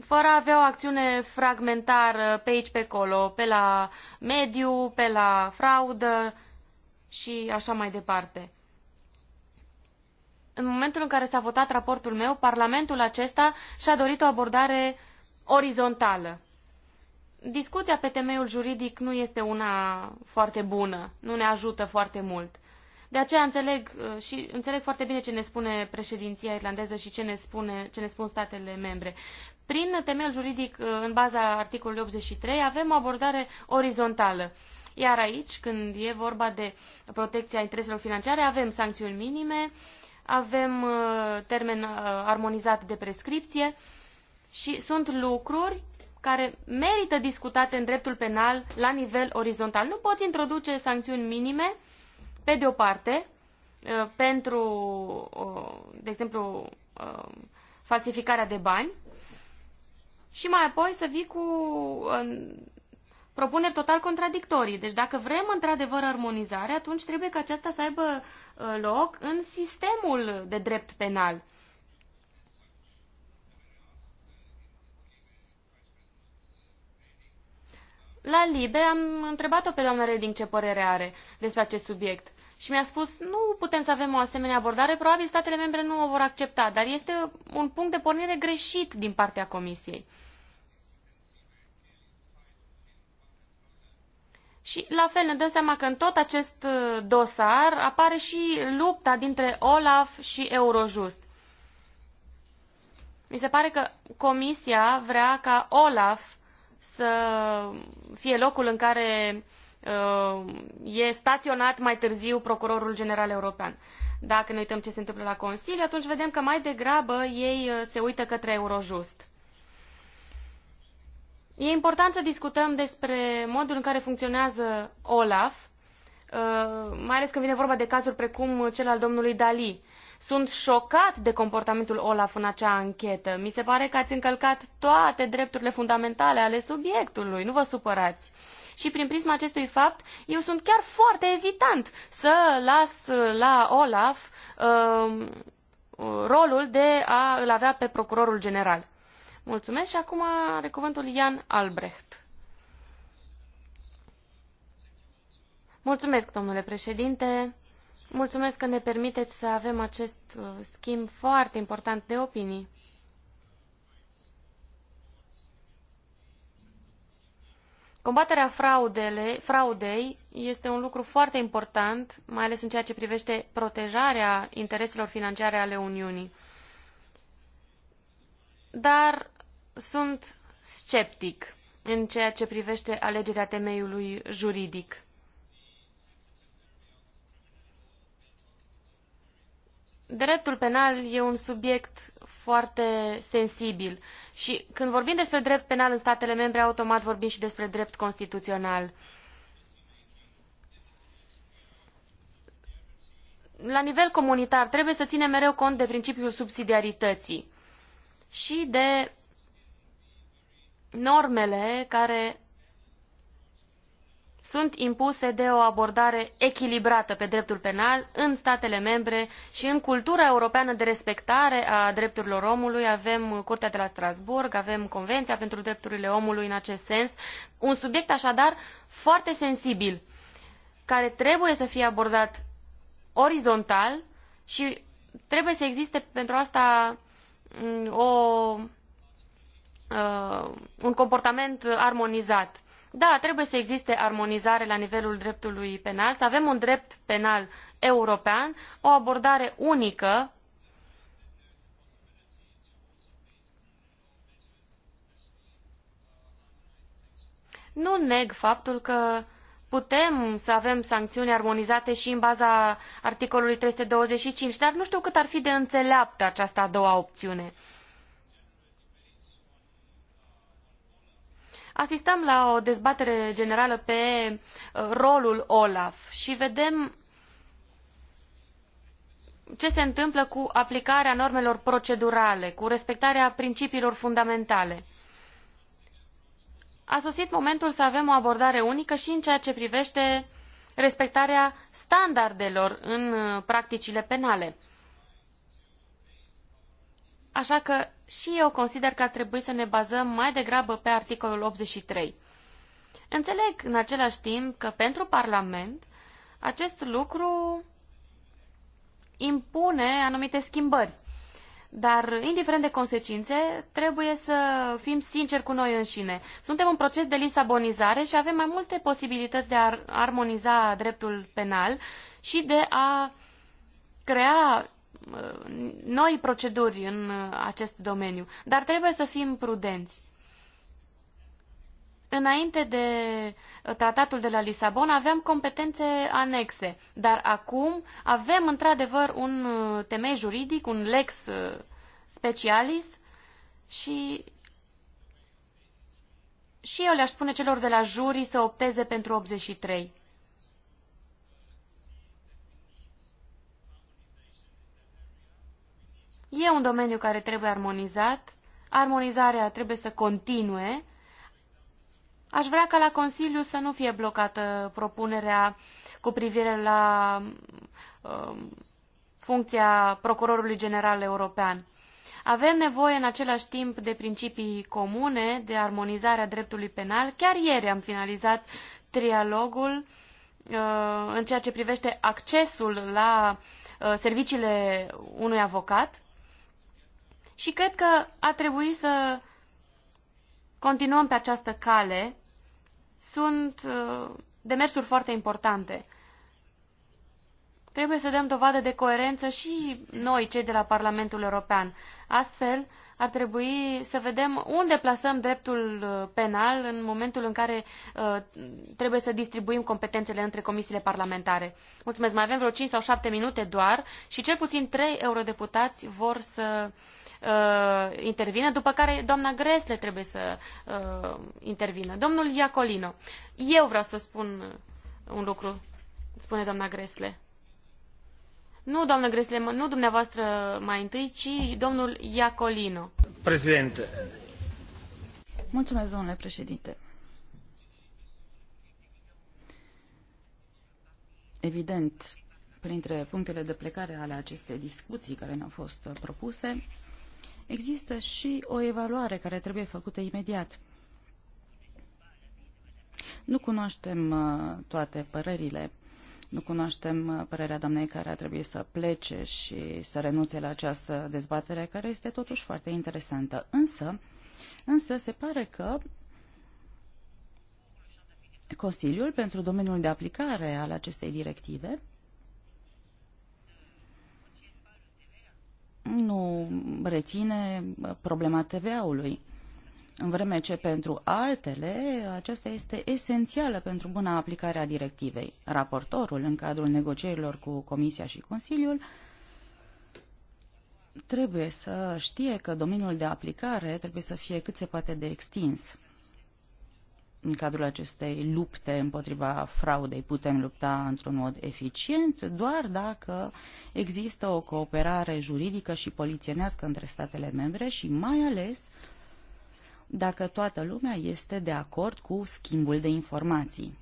fără a avea o acțiune fragmentară pe aici, pe acolo, pe la mediu, pe la fraudă și așa mai departe. În momentul în care s-a votat raportul meu, Parlamentul acesta și-a dorit o abordare orizontală. Discuția pe temeiul juridic nu este una foarte bună, nu ne ajută foarte mult. De aceea înțeleg uh, și înțeleg foarte bine ce ne spune președinția irlandeză și ce ne, spune, ce ne spun statele membre. Prin temel juridic, uh, în baza articolului 83, avem o abordare orizontală. Iar aici, când e vorba de protecția intereselor financiare, avem sancțiuni minime, avem uh, termen armonizat de prescripție și sunt lucruri care merită discutate în dreptul penal la nivel orizontal. Nu poți introduce sancțiuni minime pe de o parte, uh, pentru, uh, de exemplu, uh, falsificarea de bani și mai apoi să vii cu propuneri total contradictorii. Deci dacă vrem într-adevăr armonizare, atunci trebuie ca aceasta să aibă loc în sistemul de drept penal. La Libe am întrebat-o pe doamna Reding ce părere are despre acest subiect și mi-a spus nu putem să avem o asemenea abordare, probabil statele membre nu o vor accepta, dar este un punct de pornire greșit din partea Comisiei. Și la fel ne dăm seama că în tot acest uh, dosar apare și lupta dintre Olaf și Eurojust. Mi se pare că Comisia vrea ca Olaf să fie locul în care uh, Uh, e staționat mai târziu Procurorul General European. Dacă ne uităm ce se întâmplă la Consiliu, atunci vedem că mai degrabă ei uh, se uită către Eurojust. E important să discutăm despre modul în care funcționează OLAF, uh, mai ales când vine vorba de cazuri precum cel al domnului Dali. Sunt șocat de comportamentul Olaf în acea anchetă. Mi se pare că ați încălcat toate drepturile fundamentale ale subiectului. Nu vă supărați. Și prin prisma acestui fapt, eu sunt chiar foarte ezitant să las la Olaf uh, rolul de a îl avea pe procurorul general. Mulțumesc și acum are cuvântul Ian Albrecht. Mulțumesc, domnule președinte. Mulțumesc că ne permiteți să avem acest uh, schimb foarte important de opinii. Combaterea fraudele, fraudei este un lucru foarte important, mai ales în ceea ce privește protejarea intereselor financiare ale Uniunii. Dar sunt sceptic în ceea ce privește alegerea temeiului juridic. dreptul penal e un subiect foarte sensibil și când vorbim despre drept penal în statele membre, automat vorbim și despre drept constituțional. La nivel comunitar trebuie să ținem mereu cont de principiul subsidiarității și de normele care sunt impuse de o abordare echilibrată pe dreptul penal în statele membre și în cultura europeană de respectare a drepturilor omului. Avem Curtea de la Strasbourg, avem Convenția pentru Drepturile Omului în acest sens. Un subiect așadar foarte sensibil, care trebuie să fie abordat orizontal și trebuie să existe pentru asta mm, o, uh, un comportament armonizat. Da, trebuie să existe armonizare la nivelul dreptului penal, să avem un drept penal european, o abordare unică Nu neg faptul că putem să avem sancțiuni armonizate și în baza articolului 325, dar nu știu cât ar fi de înțeleaptă această a doua opțiune. asistăm la o dezbatere generală pe uh, rolul OLAF și vedem ce se întâmplă cu aplicarea normelor procedurale, cu respectarea principiilor fundamentale. A sosit momentul să avem o abordare unică și în ceea ce privește respectarea standardelor în uh, practicile penale. Așa că și eu consider că ar trebui să ne bazăm mai degrabă pe articolul 83. Înțeleg în același timp că pentru Parlament acest lucru impune anumite schimbări. Dar, indiferent de consecințe, trebuie să fim sinceri cu noi înșine. Suntem în proces de lisabonizare și avem mai multe posibilități de a armoniza dreptul penal și de a crea Uh, noi proceduri în uh, acest domeniu, dar trebuie să fim prudenți. Înainte de tratatul de la Lisabona aveam competențe anexe, dar acum avem într-adevăr un uh, temei juridic, un lex specialis și și eu le-aș spune celor de la juri să opteze pentru 83. E un domeniu care trebuie armonizat, armonizarea trebuie să continue. Aș vrea ca la Consiliu să nu fie blocată propunerea cu privire la uh, funcția Procurorului General European. Avem nevoie în același timp de principii comune, de armonizarea dreptului penal. Chiar ieri am finalizat trialogul uh, în ceea ce privește accesul la uh, serviciile unui avocat. Și cred că ar trebui să continuăm pe această cale. Sunt uh, demersuri foarte importante. Trebuie să dăm dovadă de coerență și noi, cei de la Parlamentul European. Astfel, ar trebui să vedem unde plasăm dreptul uh, penal în momentul în care uh, trebuie să distribuim competențele între comisiile parlamentare. Mulțumesc, mai avem vreo 5 sau 7 minute doar și cel puțin 3 eurodeputați vor să uh, intervină, după care doamna Gresle trebuie să uh, intervină. Domnul Iacolino, eu vreau să spun un lucru, spune doamna Gresle. Nu, doamnă Gresle, nu dumneavoastră mai întâi, ci domnul Iacolino. Prezident. Mulțumesc, domnule președinte. Evident, printre punctele de plecare ale acestei discuții care ne-au fost propuse, există și o evaluare care trebuie făcută imediat. Nu cunoaștem uh, toate părerile nu cunoaștem uh, părerea doamnei care a trebuit să plece și să renunțe la această dezbatere, care este totuși foarte interesantă. Însă, însă se pare că Consiliul pentru domeniul de aplicare al acestei directive nu reține uh, problema TVA-ului în vreme ce pentru altele aceasta este esențială pentru buna aplicare a directivei. Raportorul, în cadrul negocierilor cu Comisia și Consiliul, trebuie să știe că domeniul de aplicare trebuie să fie cât se poate de extins. În cadrul acestei lupte împotriva fraudei putem lupta într-un mod eficient doar dacă există o cooperare juridică și polițienească între statele membre și mai ales dacă toată lumea este de acord cu schimbul de informații.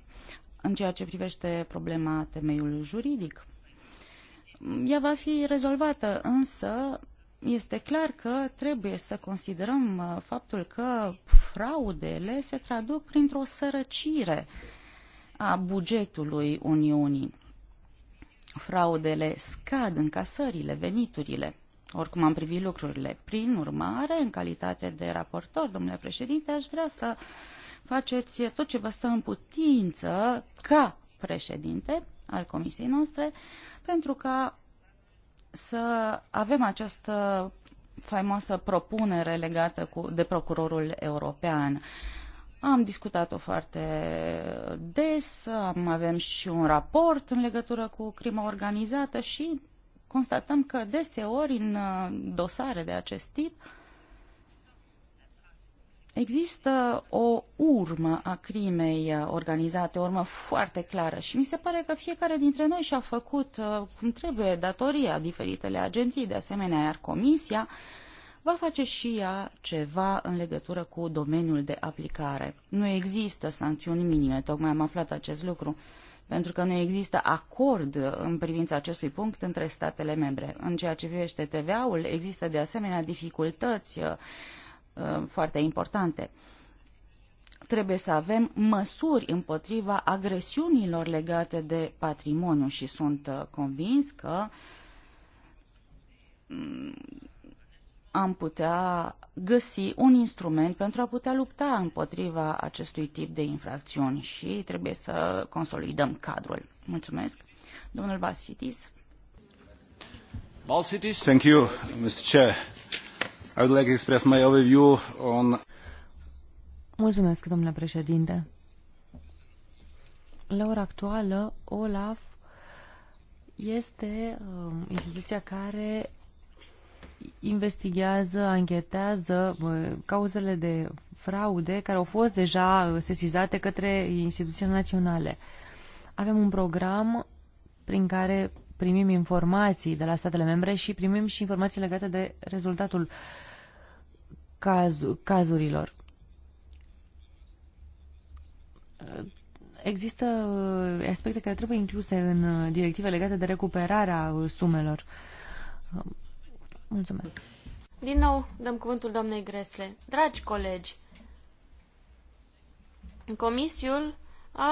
În ceea ce privește problema temeiului juridic, ea va fi rezolvată, însă este clar că trebuie să considerăm uh, faptul că fraudele se traduc printr-o sărăcire a bugetului Uniunii. Fraudele scad încasările, veniturile. Oricum am privit lucrurile. Prin urmare, în calitate de raportor, domnule președinte, aș vrea să faceți tot ce vă stă în putință ca președinte al comisiei noastre pentru ca să avem această faimoasă propunere legată cu, de procurorul european. Am discutat-o foarte des, am, avem și un raport în legătură cu crima organizată și constatăm că deseori în uh, dosare de acest tip există o urmă a crimei uh, organizate, o urmă foarte clară și mi se pare că fiecare dintre noi și-a făcut uh, cum trebuie datoria diferitele agenții, de asemenea, iar comisia va face și ea ceva în legătură cu domeniul de aplicare. Nu există sancțiuni minime, tocmai am aflat acest lucru pentru că nu există acord în privința acestui punct între statele membre. În ceea ce privește TVA-ul, există de asemenea dificultăți uh, uh, foarte importante. Trebuie să avem măsuri împotriva agresiunilor legate de patrimoniu și sunt uh, convins că mm, am putea găsi un instrument pentru a putea lupta împotriva acestui tip de infracțiuni și trebuie să consolidăm cadrul. Mulțumesc. Domnul Balsitis. Balsitis. Thank you, Mr. Chair. I would like to express my overview on... Mulțumesc, domnule președinte. La ora actuală, OLAF este um, instituția care investigează, anchetează cauzele de fraude care au fost deja uh, sesizate către instituții naționale. Avem un program prin care primim informații de la statele membre și primim și informații legate de rezultatul caz, cazurilor. Există uh, aspecte care trebuie incluse în uh, directive legate de recuperarea sumelor. Mulțumesc. Din nou dăm cuvântul doamnei Gresle. Dragi colegi, comisiul a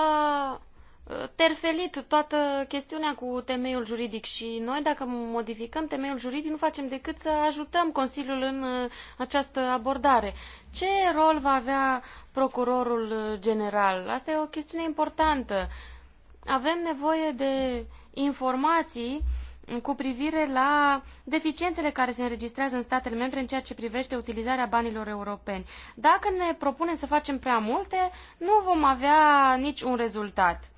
terfelit toată chestiunea cu temeiul juridic și noi, dacă modificăm temeiul juridic, nu facem decât să ajutăm Consiliul în această abordare. Ce rol va avea procurorul general? Asta e o chestiune importantă. Avem nevoie de informații cu privire la deficiențele care se înregistrează în statele membre în ceea ce privește utilizarea banilor europeni. Dacă ne propunem să facem prea multe, nu vom avea niciun rezultat.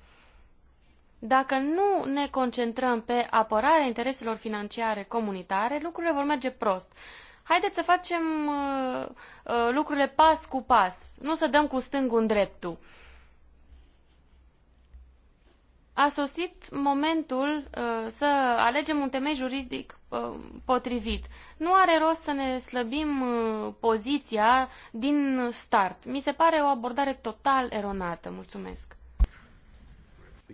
Dacă nu ne concentrăm pe apărarea intereselor financiare comunitare, lucrurile vor merge prost. Haideți să facem uh, uh, lucrurile pas cu pas, nu să dăm cu stângul în dreptul. Uh, a sosit momentul uh, să alegem un temei juridic uh, potrivit. Nu are rost să ne slăbim uh, poziția din start. Mi se pare o abordare total eronată. Mulțumesc.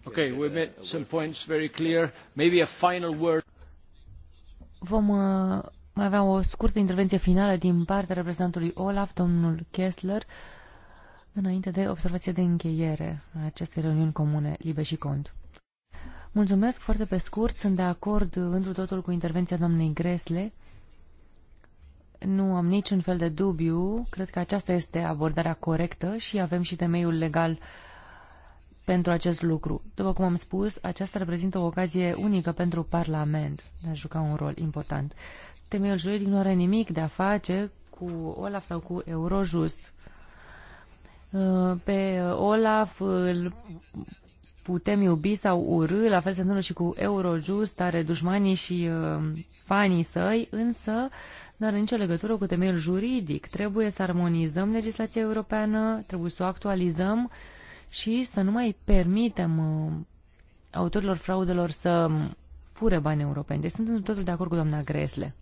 Ok, we made some points very clear. Maybe a final word. Vom uh, mai avea o scurtă intervenție finală din partea reprezentantului Olaf, domnul Kessler. Uh, înainte de observație de încheiere a acestei reuniuni comune, Libe și Cont. Mulțumesc foarte pe scurt, sunt de acord întru totul cu intervenția doamnei Gresle. Nu am niciun fel de dubiu, cred că aceasta este abordarea corectă și avem și temeiul legal pentru acest lucru. După cum am spus, aceasta reprezintă o ocazie unică pentru Parlament de a juca un rol important. Temeiul juridic nu are nimic de a face cu Olaf sau cu Eurojust. Uh, pe uh, Olaf, îl putem iubi sau urâ, la fel se întâmplă și cu Eurojust, are dușmanii și uh, fanii săi, însă nu are nicio legătură cu temeiul juridic. Trebuie să armonizăm legislația europeană, trebuie să o actualizăm și să nu mai permitem autorilor fraudelor să fure bani europeni. Deci sunt totul de acord cu doamna Gresle.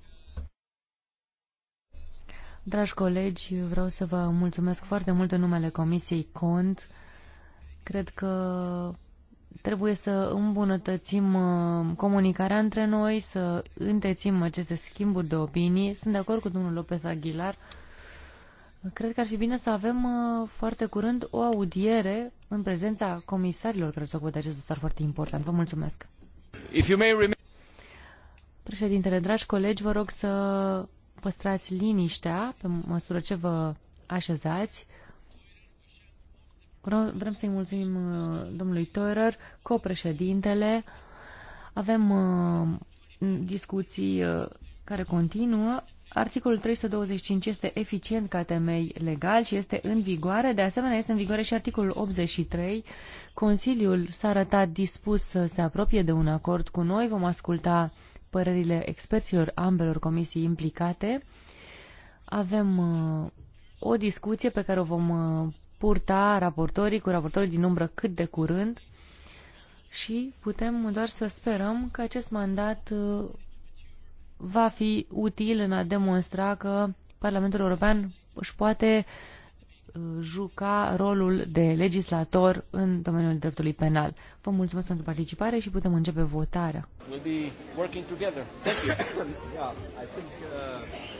Dragi colegi, vreau să vă mulțumesc foarte mult în numele Comisiei Cont. Cred că trebuie să îmbunătățim uh, comunicarea între noi, să întețim aceste schimburi de opinii. Sunt de acord cu domnul Lopez Aguilar. Cred că ar fi bine să avem uh, foarte curând o audiere în prezența comisarilor care se ocupă de acest dosar foarte important. Vă mulțumesc! If you may Președintele, dragi colegi, vă rog să păstrați liniștea pe măsură ce vă așezați. Vrem să-i mulțumim uh, domnului Teurer, copreședintele. Avem uh, discuții uh, care continuă. Articolul 325 este eficient ca temei legal și este în vigoare. De asemenea, este în vigoare și articolul 83. Consiliul s-a arătat dispus să se apropie de un acord cu noi. Vom asculta uh, părerile experților ambelor comisii implicate. Avem uh, o discuție pe care o vom uh, purta raportorii cu raportorii din umbră cât de curând și putem doar să sperăm că acest mandat uh, va fi util în a demonstra că Parlamentul European își poate uh, juca rolul de legislator în domeniul dreptului penal. Vă mulțumesc pentru participare și putem începe votarea. We'll (coughs)